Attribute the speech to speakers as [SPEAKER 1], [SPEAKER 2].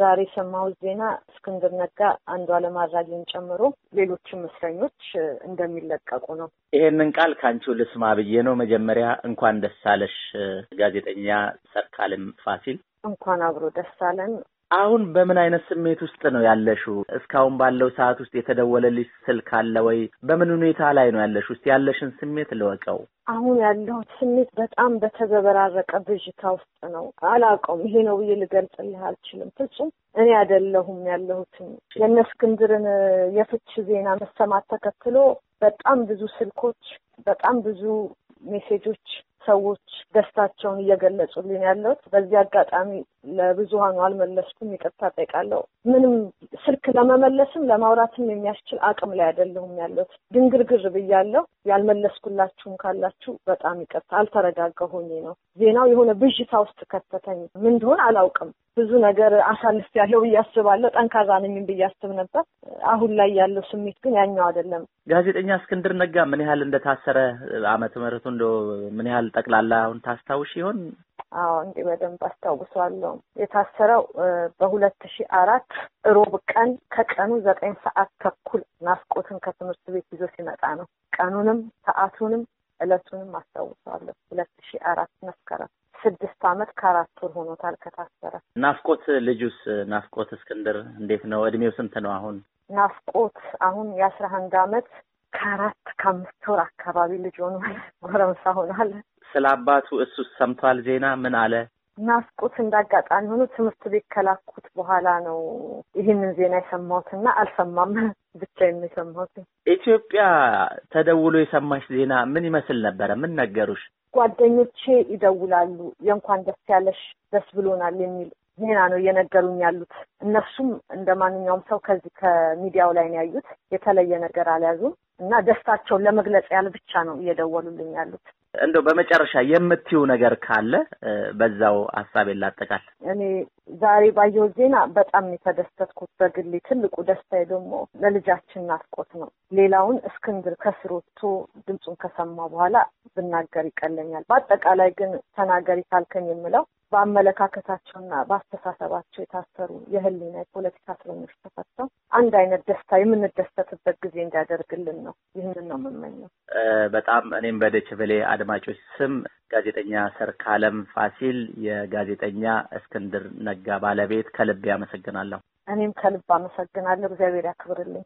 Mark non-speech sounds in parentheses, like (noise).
[SPEAKER 1] ዛሬ የሰማሁት ዜና እስክንድር ነጋ አንዱ አራጌን ጨምሮ ሌሎችም እስረኞች እንደሚለቀቁ ነው።
[SPEAKER 2] ይሄንን ቃል ከአንቺው ልስማ ብዬ ነው። መጀመሪያ እንኳን ደስ አለሽ ጋዜጠኛ ሰርካልም ፋሲል።
[SPEAKER 1] እንኳን አብሮ ደስ አለን።
[SPEAKER 2] አሁን በምን አይነት ስሜት ውስጥ ነው ያለሹ? እስካሁን ባለው ሰዓት ውስጥ የተደወለልሽ ስልክ አለ ወይ? በምን ሁኔታ ላይ ነው ያለሽ? ውስጥ ያለሽን ስሜት ልወቀው።
[SPEAKER 1] አሁን ያለሁት ስሜት በጣም በተዘበራረቀ ብዥታ ውስጥ ነው። አላውቀውም። ይሄ ነው ብዬ ልገልጽልህ አልችልም። ፍጹም እኔ አይደለሁም ያለሁትም የእነ እስክንድርን የፍች ዜና መሰማት ተከትሎ በጣም ብዙ ስልኮች፣ በጣም ብዙ ሜሴጆች ሰዎች ደስታቸውን እየገለጹልን ያለሁት በዚህ አጋጣሚ ለብዙሀኑ አልመለስኩም፣ ይቅርታ ጠይቃለሁ። ምንም ስልክ ለመመለስም ለማውራትም የሚያስችል አቅም ላይ አይደለሁም ያለሁት። ድንግርግር ብያለሁ። ያልመለስኩላችሁም ካላችሁ በጣም ይቅርታ፣ አልተረጋጋሁኝ ነው። ዜናው የሆነ ብዥታ ውስጥ ከተተኝ፣ ምን እንደሆነ አላውቅም። ብዙ ነገር አሳልፍ ያለው ብዬ አስባለሁ። ጠንካራ ነኝ ብዬ አስብ ነበር። አሁን ላይ ያለው ስሜት ግን ያኛው አይደለም።
[SPEAKER 2] ጋዜጠኛ እስክንድር ነጋ ምን ያህል እንደታሰረ አመት ምህረቱ እንደ ምን ያህል ጠቅላላ አሁን ታስታውሽ ይሆን?
[SPEAKER 1] አዎ እንዲ በደንብ አስታውሰዋለሁ። የታሰረው በሁለት ሺ አራት ሮብ ቀን ከቀኑ ዘጠኝ ሰዓት ተኩል ናፍቆትን ከትምህርት ቤት ይዞ ሲመጣ ነው። ቀኑንም ሰዓቱንም እለቱንም አስታውሰዋለሁ። ሁለት ሺ አራት መስከረም ስድስት አመት ከአራት ወር ሆኖታል ከታሰረ።
[SPEAKER 2] ናፍቆት ልጁስ ናፍቆት እስክንድር እንዴት ነው? እድሜው ስንት ነው አሁን?
[SPEAKER 1] ናፍቆት አሁን የአስራ አንድ አመት ከአራት ከአምስት ወር አካባቢ ልጅ ሆኗል። ጎረምሳ ሆኗል።
[SPEAKER 2] ስለ አባቱ እሱ ሰምቷል ዜና ምን አለ?
[SPEAKER 1] ናፍቆት እንዳጋጣሚ ሆኖ ትምህርት ቤት ከላኩት በኋላ ነው ይህንን ዜና የሰማሁትና አልሰማም (laughs) ብቻ የሚሰማሁት።
[SPEAKER 2] ኢትዮጵያ ተደውሎ የሰማሽ ዜና ምን ይመስል ነበረ? ምን ነገሩሽ?
[SPEAKER 1] ጓደኞቼ ይደውላሉ የእንኳን ደስ ያለሽ ደስ ብሎናል የሚል ዜና ነው እየነገሩኝ ያሉት። እነሱም እንደ ማንኛውም ሰው ከዚህ ከሚዲያው ላይ ነው ያዩት። የተለየ ነገር አልያዙም እና ደስታቸውን ለመግለጽ ያህል ብቻ ነው እየደወሉልኝ ያሉት።
[SPEAKER 2] እንደው በመጨረሻ የምትዩ ነገር ካለ በዛው ሀሳብ ላጠቃል።
[SPEAKER 1] እኔ ዛሬ ባየው ዜና በጣም የተደሰትኩት በግሌ ትልቁ ደስታዬ ደግሞ ለልጃችን ናፍቆት ነው። ሌላውን እስክንድር ከስሮቶ ድምፁን ከሰማ በኋላ ብናገር ይቀለኛል። በአጠቃላይ ግን ተናገሪ ካልከኝ የምለው በአመለካከታቸውና በአስተሳሰባቸው የታሰሩ የህሊና የፖለቲካ እስረኞች ተፈተው አንድ አይነት ደስታ የምንደሰትበት ጊዜ እንዲያደርግልን ነው። ይህንን ነው የምመኘው።
[SPEAKER 2] በጣም እኔም በደችቬሌ አድማጮች ስም ጋዜጠኛ ሰርካለም ፋሲል፣ የጋዜጠኛ እስክንድር ነጋ ባለቤት ከልብ ያመሰግናለሁ።
[SPEAKER 1] እኔም ከልብ አመሰግናለሁ። እግዚአብሔር ያክብርልኝ።